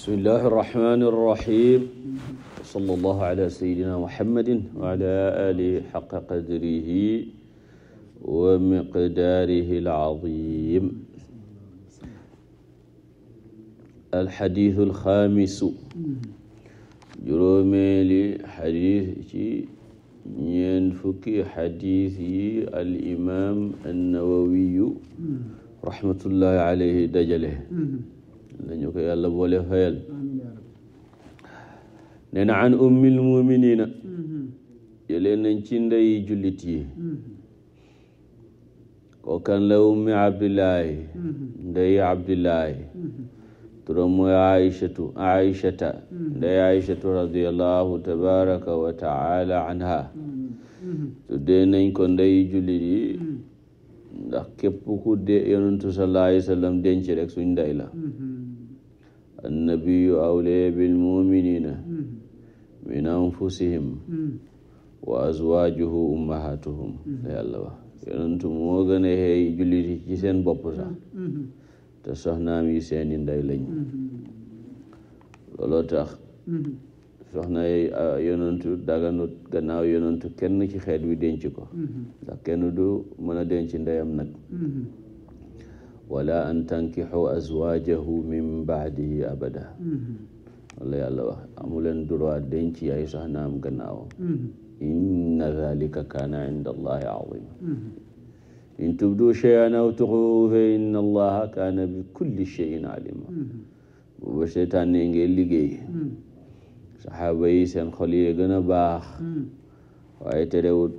bismillahi irrahmani irrahim wa salla allahu ala sayidina muhammadin wa ala alihi xaqa qadrihi wa miqdaarihi alazim alxadisu alxaamisu juróomeeli xadis ci ñeen fukki xadis yi alimam annawawiyu rahmatullahi alayhi dajale nañu ko yàlla boole fayal nee na an ummil muminina mm-hmm. jëlee nañ ci ndey jullit yi mm-hmm. kookan la ummi abdillahi mm-hmm. ndey abdillahi turam mooy aishatu aishata ndey aishatu radiallahu tabaraka wa taala anha tuddee nañ ko ndey ndax képp ku de yonentu sallallahu alayhi wa sallam denc rek suñ ndey la annabiyu awliya bilmuminina min anfusihim wa azwaajuhu ummahatuhum la yàlla wax yonentu moo gën a xeey jullit ci seen bopp sax te soxnaam yi seeni ndey lañ looloo tax soxna yonentu daganut gannaaw yonentu kenn ci xeet wi denc ko ndax kenn du mën a denc ndeyam nag wala an tankixu azwaajahu min baadihi abada wala yàlla wax amuleen droit denc ay soxnaam gannaawam inna dalika kaana inda allahi azima in tubdu cheyan aw tuxu fa inna allaha kaana bi kulli cheyin alima booba seytaan ne ngeen liggéey saxaaba yi seen xol yi gën a baax waaye terewut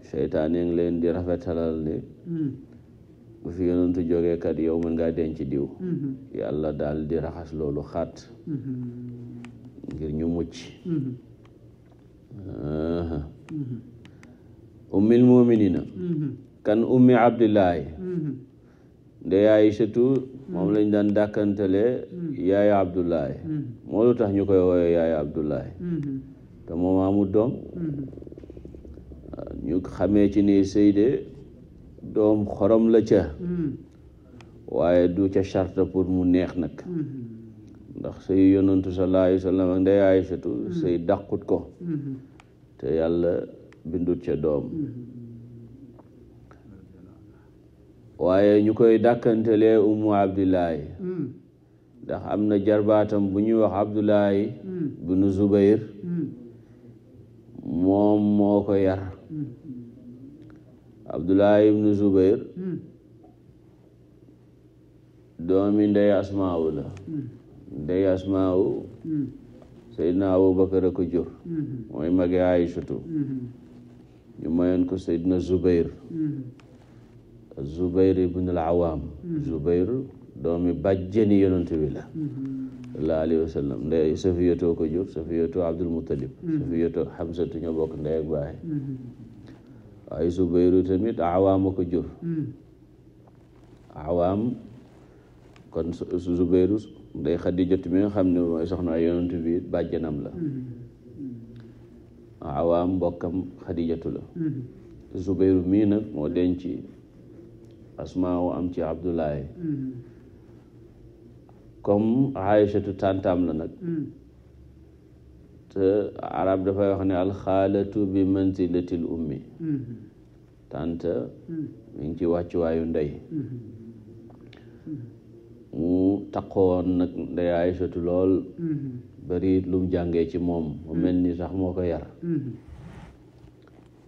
seytaan ne ngi leen di rafetalal ne bu fi yonentu jógee kat yow mën ngaa denc diw mhm. yàlla dal di raxas loolu xaat mhm. ngir ñu mucc mhm. ummil muminina kan ummi abdillahi ndey Aysatu moom lañ daan dàkkantale yaay abdullahi moo lu tax ñu koy wooye yaay abdullahi te moom amul doom ñu xamee ci ni sëy de doom xorom la ca hmm. waaye du ca charte pour mu neex nag hmm. ndax sëy yonantu sallallahu alayhi wa sallam ak ndey hmm. dàqut ko te yàlla bindut ca doom waaye ñu koy dàkkantelee ummu abdullahi ndax am na jarbaatam bu ñuy wax abdullahi binu zubayr moom moo ko yar abdullah ibnu zubair hmm. doomi ndey asmaawu la hmm. ndey asmaawu hmm. seydina abubakar a ko jur mooy magi aïchatu ñu mayoon ko seydina zubair zubair ibn al awaam zubair doomi bàjjeni yonent bi la sallallahu alayhi wa sallam ndey safiyatoo jur xamsatu ñoo bokk ndey waaye Zubayru tamit awaama ko jur hmm. awaam kon Zubayru day Xadija mi xam ne mooy soxna yonent bi bàjjanam la hmm. Hmm. awaam mbokkam Xadijatu la Zubayru mii nag moo denci asmaa wu am ci Abdoulaye comme Aïchatu tàntaam la nag te arab dafay wax ne alxaalatu bi manzilatil ummi tante mi ngi ci wàccuwaayu ndey mu takkoon nag ndey Aysatu lool bari lu mu jàngee ci moom mu mel ni sax moo ko yar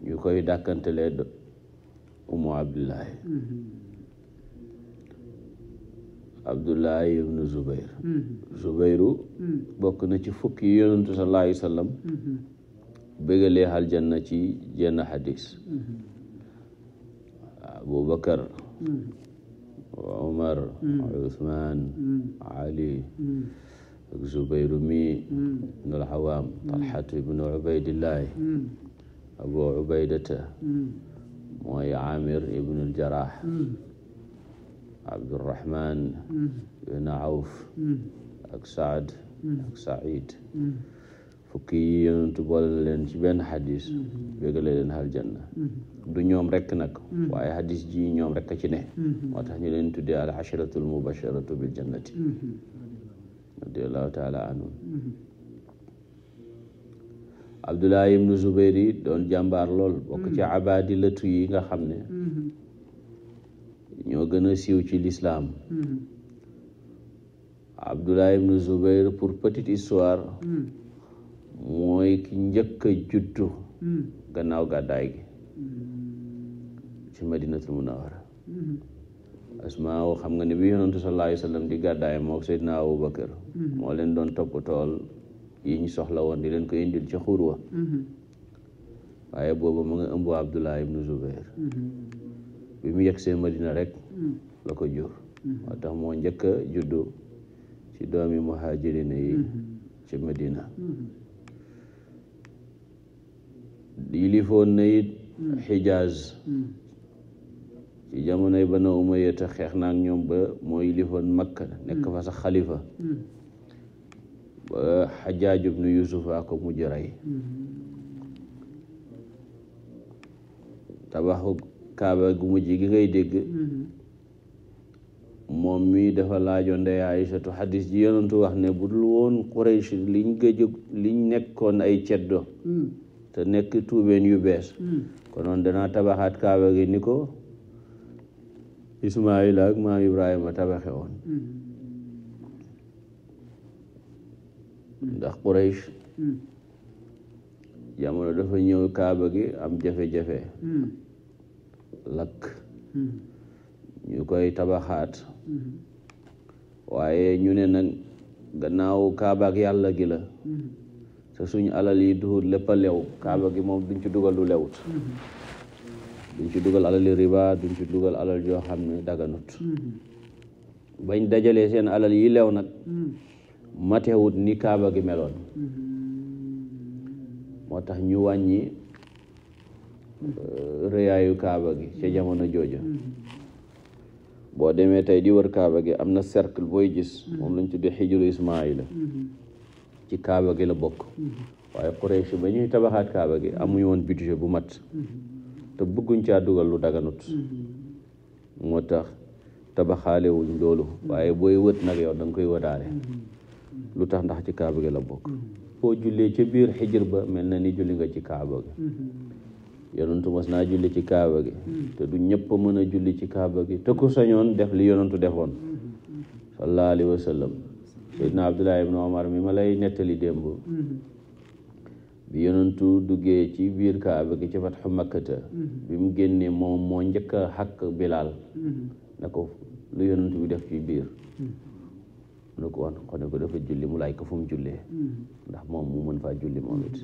ñu koy dàkkantelee Umu Abdullahi abdullahi ibnu zubayr mm-hmm. zubayru mm. bokk na ci fukki yi yonentu sallallahu alayhi wa sallam mm-hmm. bégalee aljanna ci jenn xadis mm-hmm. abubakar omar uthman ali ak zubayru mi ibnu alxawaam talxatu ibnu ubaydillahi abu ubaydata mooy amir ibnu aljarax abdurahman mm. ibn awf mm. mm. yi yonentu leen ci benn xadis bégale leen ñoom rekk nag waaye xadis ji ñoom rekk a ci ne moo tax ñu leen tuddee al asharatu al mubasharatu bil jannati radiallahu taala abdullahi ibnu zubayr doon jàmbaar lool bokk ci abaadilatu yi nga xam ne ñoo gën a siiw ci lislaam hmm. Abdullah ibn Zubair pour petite histoire hmm. mooy ki njëkk a juddu hmm. gannaaw gàddaay gi ci madinatul munawara asmaaw xam nga ne bi yonantu sallallahu gàddaay mook seydina abu bakar moo leen doon topp tool yi ñu soxla woon di leen ko indil ci xur wa waaye boobu mu nga ëmb Abdullah ibn Zubair bi mu yegg see madina rek mm. la ko jur mm-hmm. moo tax moo njëkk a juddu ci doomi muhajirina yi mm-hmm. ci madina mm-hmm. yilifoon na it xijaaz mm. mm. ci jamonoy bana umayya te xeex naak ñoom ba moo yilifoon makka nekk fa sax xalifa ba xajaaj ibnu yusufa ko mujj rey tabaxu kaaba gu mujj gi ngay dégg mm-hmm. moom mi dafa laajoon ndey Aysatu xadis ji yonantu wax ne bu dul woon Quraysh liñ gëj liñ nekkoon ay ceddo mm. te nekk tuubeen yu bees mm. konoon danaa tabaxaat kaaba gi ni ko Ismaayila ak maam Ibrahima tabaxe woon mm-hmm. ndax Quraysh mm. jamono dafa ñëw kaaba gi am jafe-jafe lakk hmm. ñu koy tabaxaat hmm. waaye ñu ne nag gannaaw kaabaak yàlla gi la hmm. te suñu alal yi duhut lépp a lew kaaba gi moom duñ ci dugal du lewut duñ ci dugal alali riba duñ ci dugal alal joo xam ne daganut bañ dajalee seen alal yi lew nag matewut ni kaaba gi meloon moo tax ñu wàññi Euh, rëyaayu kaaba gi ca jamono jooja mm-hmm. boo demee tey di wër kaaba gi am na cercle booy gis mm-hmm. moom lañ tuddee xijru ismaila mm-hmm. ci kaaba gi la bokk waaye Quraysh ba ñuy tabaxaat kaaba gi amuñu woon budget bu mat te bëgguñ caa dugal lu daganut moo tax tabaxaale wuñ loolu waaye booy wët nag yow danga koy wëtaale lu tax ndax ci kaaba gi la bokk boo jullee ca biir xijir ba mel na ni julli nga ci kaaba gi yonantu mas naa julli ci kaaba gi hmm. te du ñëpp mën a julli ci kaaba gi te ku sañoon def li yonantu defoon hmm, hmm, sallallahu alayhi wa sallam sayyidna mi ma lay nettali bi yonantu duggee ci biir kaaba gi ci fatxu makkata bi mu génnee moom moo njëkk a xàkk bilaal na ko lu yonantu bi def ci biir mu ne ko wan xone ko dafa julli mu laaj ko jullee ndax moom mu mën faa julli moom it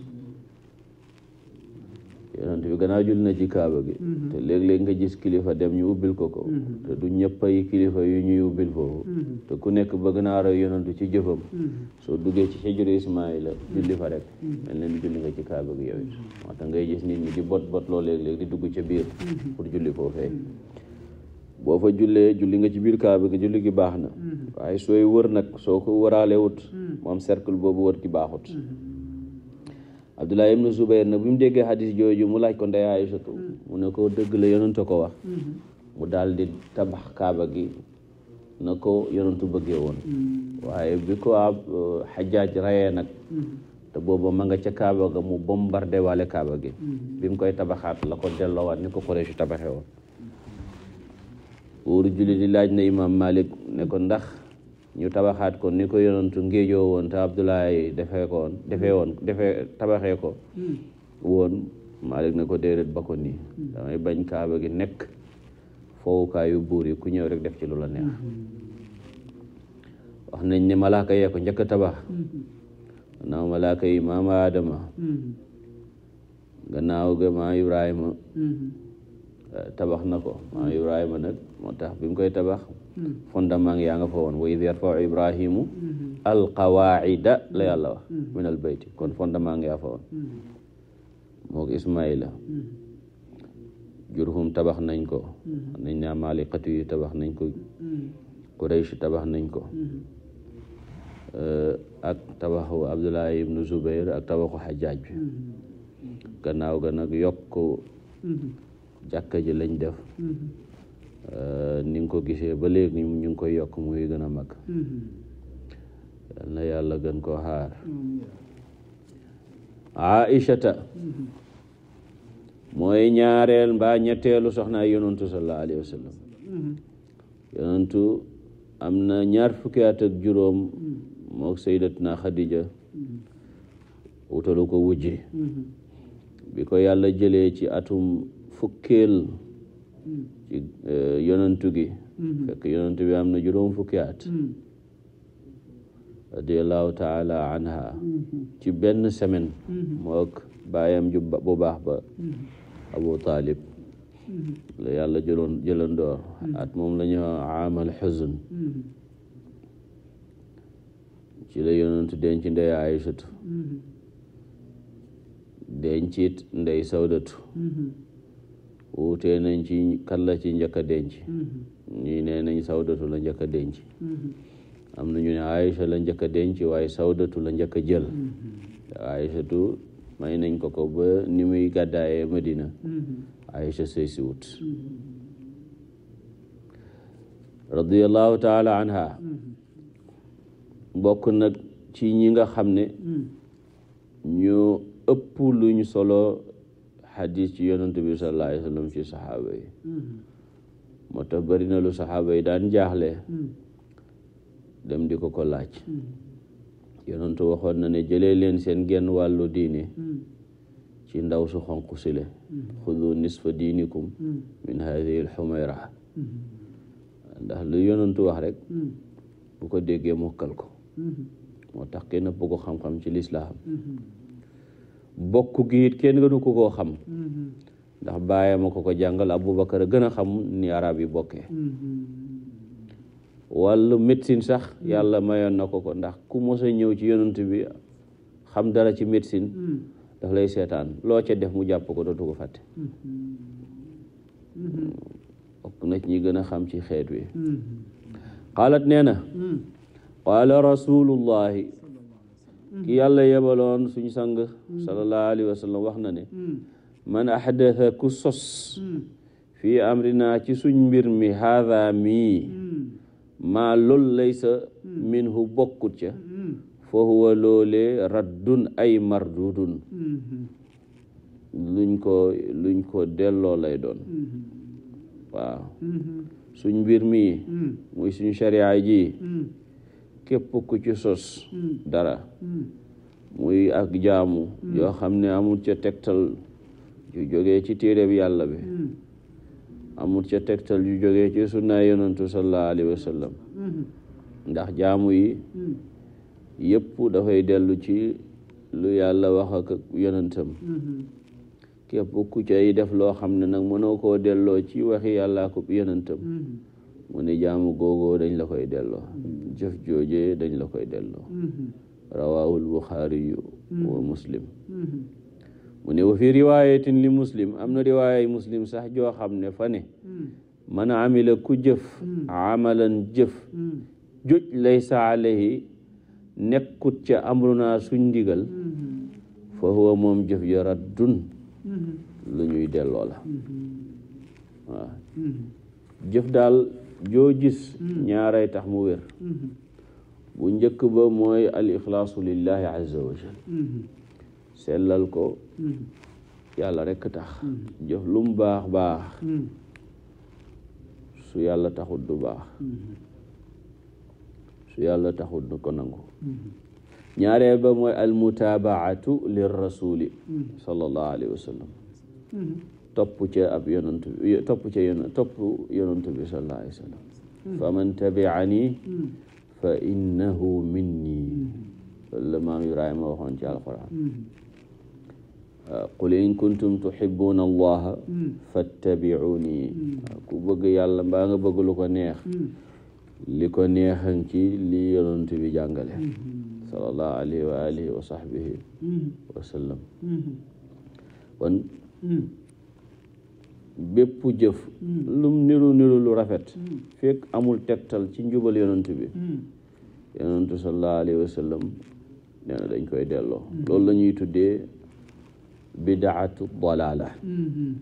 yonent bi gannaaw jul na ci kaaba gi mhm. te léeg-léeg nga gis kilifa dem ñu ubbil ko ko mhm. te du ñëpp kilifa yu ñuy ubbil foofu mhm. te ku nekk ba ganaar roy yonent ci jëfam soo duggee ci xijru ismaila julli fa rek mel na ni julli nga ci kaaba gi yow it moo dugg ca biir pour julli boo fa jullee julli nga ci biir kaaba gi baax na waaye sooy wër nag soo ko wëraale wut moom cercle baaxut Abdullah ibnu Zubayr na bi mu déggee xadis jooju mu laaj ko ndey Aysatu mm. mu ne ko dëgg la yonent ko wax mm-hmm. mu daal di tabax kaaba gi na ko yonentu bëggee woon mm. waaye bi ko ab xajaaj euh, rayee nag mm-hmm. te booba ma nga ca kaaba ga mu bombardé waale kaaba gi mm-hmm. bi mu koy tabaxaat la ko delloowaat ni ko Quraysh tabaxee woon wóoru julli di laaj na imaam Malik ne ko ndax ñu tabaxaat ko ni ko yonantu ngéejoo woon te Abdoulaye defee ko woon defee woon defee tabaxee ko hmm. woon Malik ne ko déedéet ba ko nii hmm. damay bañ kaaba gi nekk foowukaayu buur yi ku ñëw rek def ci lu la neex hmm. wax nañ ni malaaka yee njëkk tabax gannaaw malaaka yi maama Adama gannaaw ga ma Ibrahima Eh, tabax na ko maanaam hmm. nag moo tax bi koy tabax hmm. fondement yaa nga fa woon wa id yarfau ibrahimu hmm. alqawaida la yàlla wax min al bayti kon fondement yaa fa woon moog ismaila jurhum tabax nañ ko nañ naa maaliqatu tabax nañ ko quraysh tabax nañ ko eh, ak tabaxu abdullahi ibnu zubair ak tabaxu xajaaj bi gannaaw ga nag yokk jàkka ji lañ def mm-hmm. uh, ni ko gisee ba léegi ñu ngi koy yokk muy gën a mag mm-hmm. yal na yàlla gën koo xaar mm-hmm. aïchata mooy ñaareel mbaa ñetteelu soxnaa yonantu sallallahu alayhi am na ñaar fukki at ak juróom mook sayyidatuna Khadija wutalu ko wujji bi ko yàlla jëlee atum fukkeel hmm. ci eh, yonantu gi hmm. fekk yonantu bi am na juróom fukki at hmm. taala anha ci benn semaine mook baayam ju bu baax ba abu talib la yàlla jëloon jëlandoor at moom la ñu amal xuzn ci la yonantu denc ndey aysatu dencit ndey sawdatu wuute nañ ci kan la ci njëkk denc mm-hmm. ñii nee nañ sawdatu la njëkk a denc mm-hmm. am na ñu ne Aïcha la njëkk denc waaye sawdatu la njëkk a jël mm-hmm. Aïchatu may nañ ko ko ba ni muy gàddaayee Madina Aïcha sëy si wut radiallahu taala anha bokk nag ci ñi nga xam ne mm. ñu ëpp luñ solo xadis ci yonantu bi sallallahu alayhi wa saxaaba yi mm-hmm. moo tax bari na lu saxaaba yi daan jaaxle mm-hmm. dem di ko ko laaj mm-hmm. yonantu waxoon na ne jëlee leen seen genn wàllu diine ci ndaw su xonq sile xudu nisfa diinikum min hadihi alxumayra ndax lu yonantu wax rekk bu ko déggee mokkal ko moo tax kenn ëpp ko xam-xam ci lislaam bokk gi it kenn gënu ko koo xam mm-hmm. ndax bàyyam a ko ko jàngal Aboubacar a gën a xam ni arab yi bokke mm-hmm. wàllu médecine sax yàlla mayoon na ko ko ndax ku mos ñëw ci yonent bi xam dara ci médecine mm. daf lay seetaan loo ca def mu jàpp ko dootu ko fàtte mm-hmm. na ci ñi gën a xam ci xeet wi xaalat nee na mm. qaala ki yàlla yebaloon suñu sang sallallahu alayhi wa wax na ne man ahdatha ku sos fii amrina ci suñ mbir mi haada mii maa loolu laysa minhu bokkut ca fa huwa loolee raddun ay mardudun luñ ko delloo lay doon suñ mbir muy suñ sharia képp ku sos hmm. dara hmm. muy ak jaamu hmm. yoo xam ne amul ca tegtal yu ci téere yàlla bi amul ca tegtal yu jógee ci sunna yonantu sallallahu alayhi wa ndax jaamu yi yëpp dafay dellu ci lu yàlla wax ak yonantam képp def loo xam ne nag mënoo koo delloo ci waxi yàlla ak yonantam mu ne jaamu googoo dañ la koy delloo jëf jooje dañ la koy delloo rawaahul buxaariyu wa muslim mu ne wa fi riwaayatin li muslim am na riwaayay muslim sax joo xam ne fa ne man amila ku jëf amalan jëf juj laysa alayhi nekkut ca amruna suñ ndigal fa huwa moom jëf ja raddun lu ñuy delloo la daal joo gis ñaaray tax mu wér mm-hmm. bu njëkk ba mooy al ixlaasu lillahi azza wa mm-hmm. sellal ko mm-hmm. yàlla rekk tax jëf lu mu baax baax su yàlla taxut du baax su yàlla taxut du ko nangu ñaareel ba mooy al mutaabaatu lir rasuli sallallahu alayhi wa topp ca ab yonant bi topp ca yonant topp yonant bi sallallahu alayhi wa sallam hmm. fa man tabi'ani hmm. fa innahu minni loolu la maam Ibrahima waxoon ci alquran hmm. ah, qul in kuntum tuhibbuna allaha fattabi'uni ah, ku bëgg yàlla mbaa nga bëgg lu ko neex li ko neexan ci li yonant bi jàngale sallallahu alayhi wa alihi wa sahbihi wa sallam kon bépp jëf mm. lum niru niru lu rafet mm. fekk amul tegtal ci njubal yonent bi mm. yonent sallallahu alayhi wa sallam nee na dañ koy delloo loolu la ñuy tuddee bidaatu dalaala mm-hmm.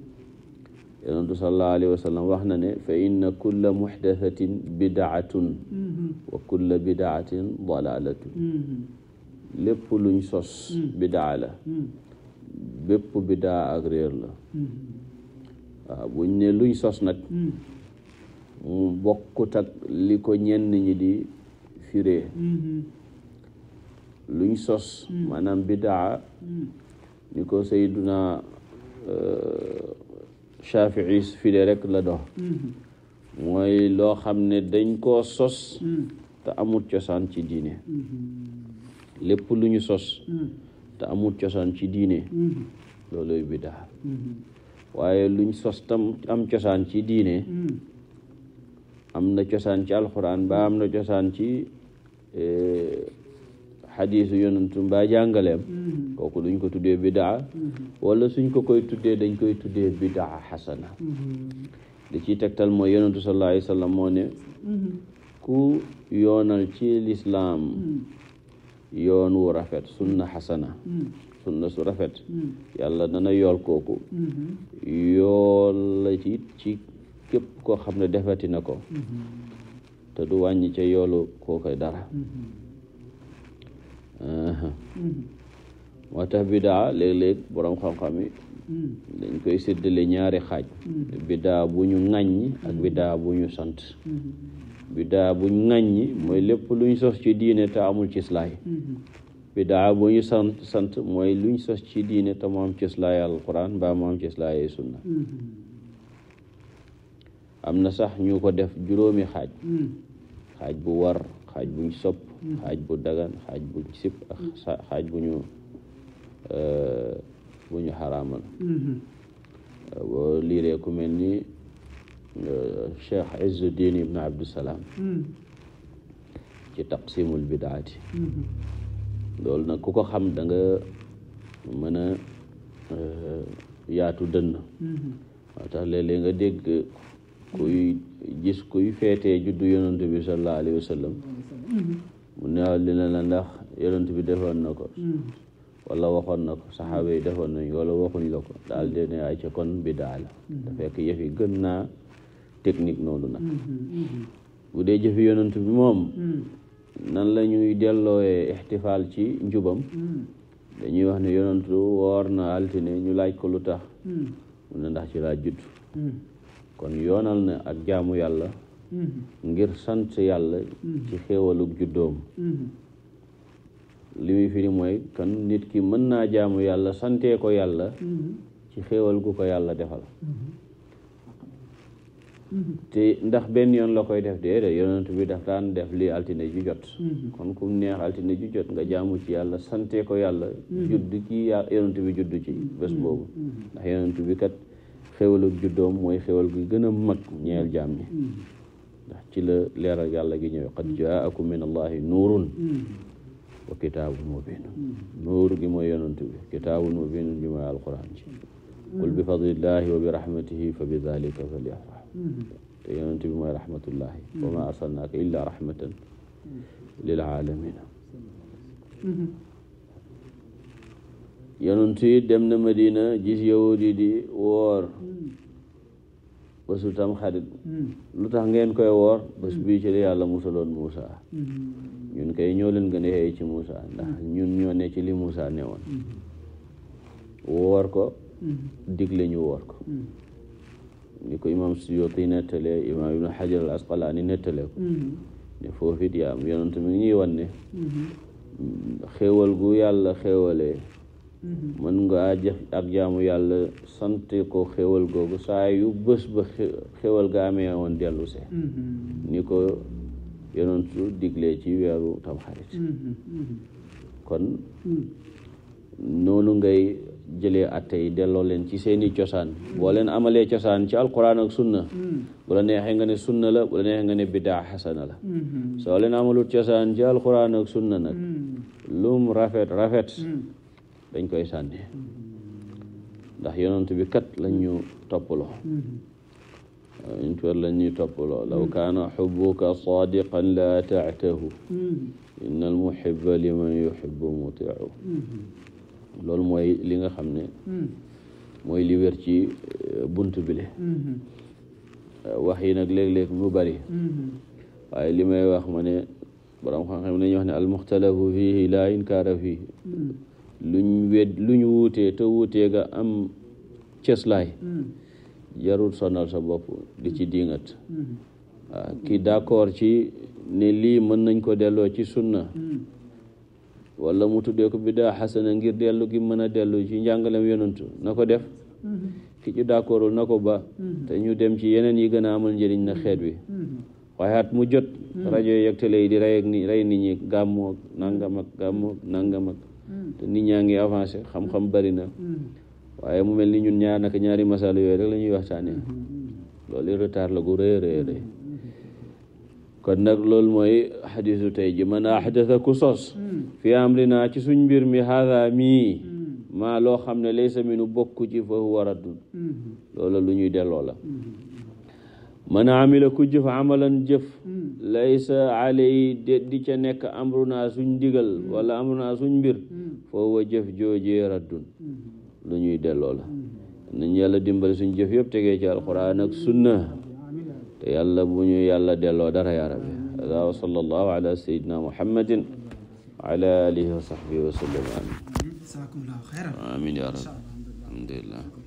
yonent sallallahu wa sallam wax na ne fa inna kulla muxdathatin bidaatun mm-hmm. wa kulla bidaatin dalaalatu mm-hmm. lépp sos bidaa la bidaa ak la waaw ne luñ sos nag hmm. mu bokkut ak li ko ñenn ñi di firee luñ sos hmm. maanaam bidaa hmm. ni ko sayduna euh, Shafii fire rek la do mooy loo xam ne dañ ko sos te amul cosaan ci diine lépp lu ñu sos te amul cosaan ci diine looloy bidaa waaye luñ sostam am cosaan ci diine hmm. am na cosaan ci alxuraan ba am na cosaan ci e, xadiisu yonantu mbaa jàngaleem hmm. kooku duñ ko tuddee bidaa hmm. wala suñ ko koy tuddee dañ koy tuddee bidaa xasana li ciy tegtal mooy yonantu sallallahu alayhi wa ku yoonal ci lislaam yoon wu rafet sunna xasana mm. sunna su rafet mm. yàlla dana yool kooku mm-hmm. yool la ci ci képp koo xam ne defati na ko mm-hmm. te du wàññi ca yoolu kookoy dara mm-hmm. moo tax bidaa léeg-léeg boroom xam-xam yi mm. dañ koy séddale ñaari xaaj bidaa bu ñu ŋàññ ak bidaa bu ñu sant bidaa buñ ñi mooy lépp luñ sos ci diine te amul cislaay mm-hmm. bidaa bu ñu sant sant mooy luñ sos ci diine te mu am cislaay alquran mbaa mu am cislaay ay sunna mm-hmm. am na sax ñu ko def juróomi xaaj mm. xaaj bu war xaaj buñ sopp mm. xaaj bu dagan xaaj bu sip mm. xaaj bu ñu euh, bu ñu xaraamal boo mm-hmm. liiree ku mel ni cheikh Izzuddin ibn Abdusalaam hmm. ci taqsimul bidaati hmm. loolu nag ku ko xam da nga mën a eh, yaatu dënn hmm. moo tax léeg-léeg nga dégg kuy gis kuy feetee juddu yonent bi sallallahu alayhi wa waxoon na ko saxaaba yi defoon nañ wala waxuñ la ko daal dine ay ca kon bidaa la da fekk yëf gën naa technique noonu nag mhm, mhm. bu dee jëfi yonent bi moom hmm. nan la ñuy delloowee ixtifaal ci njubam hmm. dañuy wax ne yonent woor na altine ñu laaj ko lu tax hmm. mun na ndax ci laa judd kon yoonal na ak jaamu yàlla ngir sant yàlla ci xéewalug juddoom li muy firi mooy kon nit ki mën naa jaamu yàlla santee ko yàlla ci xéewal gu ko yàlla defal Mm-hmm. te ndax benn yoon la koy def déedéet yonent bi daf daan def lii altine ju jot mm-hmm. kon kum neex altine ju jot nga jaamu ci yàlla sante ko yàlla mm-hmm. judd ci yonent bi judd ci bés boobu ndax yonent bi kat xéwalug juddoom mooy xéwal gi gën a mag ñeel jaam ñi ndax ci la leeral yàlla gi ñëw qad jaakum min allahi nuurun wa kitaabun gi mooy yonent bi kitaabun mubin ji mooy alquran ci qul bi fadlillahi wa bi rahmatihi fa bi dalika falyafrah te yonent bi mooy rahmatullahi wa ma arsalnaaka illa rahmatan lil alamina yonent yi dem na Madina gis yahud yi di woor bésu tam xarit lu tax ngeen koy woor bés bii ci la yàlla musaloon Muusa ñun kay ñoo leen gën a xëy ci Muusa ndax ñun ñoo ne ci li Muusa ne woon woor ko digle ñu woor ko mm-hmm. ni ko imam Suyuti nettalee imam ibnu Hajar al nettalee ko mm-hmm. ne foofit yaa am yonent mm-hmm. gu yàlla xéewalee nga jëf ak jaamu yàlla sant ko xéewal googu saa yu bés ba xéewal ga amee woon dellu ni ko yonentu diglee ci weeru tamxarit kon noonu ngay jëlee atte yi delloo leen ci seeni cosaan boo leen amalee cosaan ci alquran ak sunna bu la ne sunna la nga ne bidaa xasana la mm-hmm. soo leen amalut cosaan ci alquran ak sunna nag mm-hmm. lum rafet rafet mm-hmm. dañ koy sànni ndax yonent bi kat lañ ñu toppaloo yonent bi lañ ñuy toppaloo kaana xubbuka saadiqan la taatahu inna almuhibba liman yuhibbu mutiiu loolu mooy li nga xam ne hmm. mooy li wér ci euh, bunt bile hmm. euh, wax yi nag léeg-léeg mu bari hmm. waaye li may wax ma ne borom xam-xam nañu wax ne almuxtalafu fiihi laa inkaara fiihi luñ wed luñ wuutee te wuutee ga am cëslaay jarul sonal sa bopp li ci diingat waaw ki d'accord ci ne lii mën nañ ko delloo ci sunna wala mu tuddee ko biddaa xasana ngir dellu gi mën a dellu ci njàngalem yonantu na ko def mm-hmm. ki ci na ko ba mm-hmm. te ñu dem ci yeneen yi gën a amal njëriñ na xeet wi mm-hmm. waaye mu jot rajo yi ak télé yi di rey ak ni rey nit ñi gàmmoog nangam ak nangam ak nit ñaa ngi avancé xam-xam bari na waaye mu mel ni ñun ñaar naka ñaari masala yooyu rek la ñuy waxtaanee loolu retard la gu rëy rëy kon nag loolu mooy xadisu tey ji man ahdasa ku sos hmm. fi amrina ci suñ mbir mi haada mi hmm. ma loo xam ne laysa minu bokk ci fa huwa raddun hmm. loolu lu ñuy delloo la man amila ku jëf amalan jëf laysa alay di ca nekk amruna suñ ndigal wala amruna suñ mbir fa huwa jëf joojee raddun lu ñuy delloo la nañ yàlla dimbali suñ jëf yëpp tegee ci alquran sunna yàlla bu ñu yàlla delloo dara yaa rabbi hada wa sallallahu ala sayidina muhammadin wa ala alihi wa sahbihi wa sallam amin amin ya rabbi alhamdulillah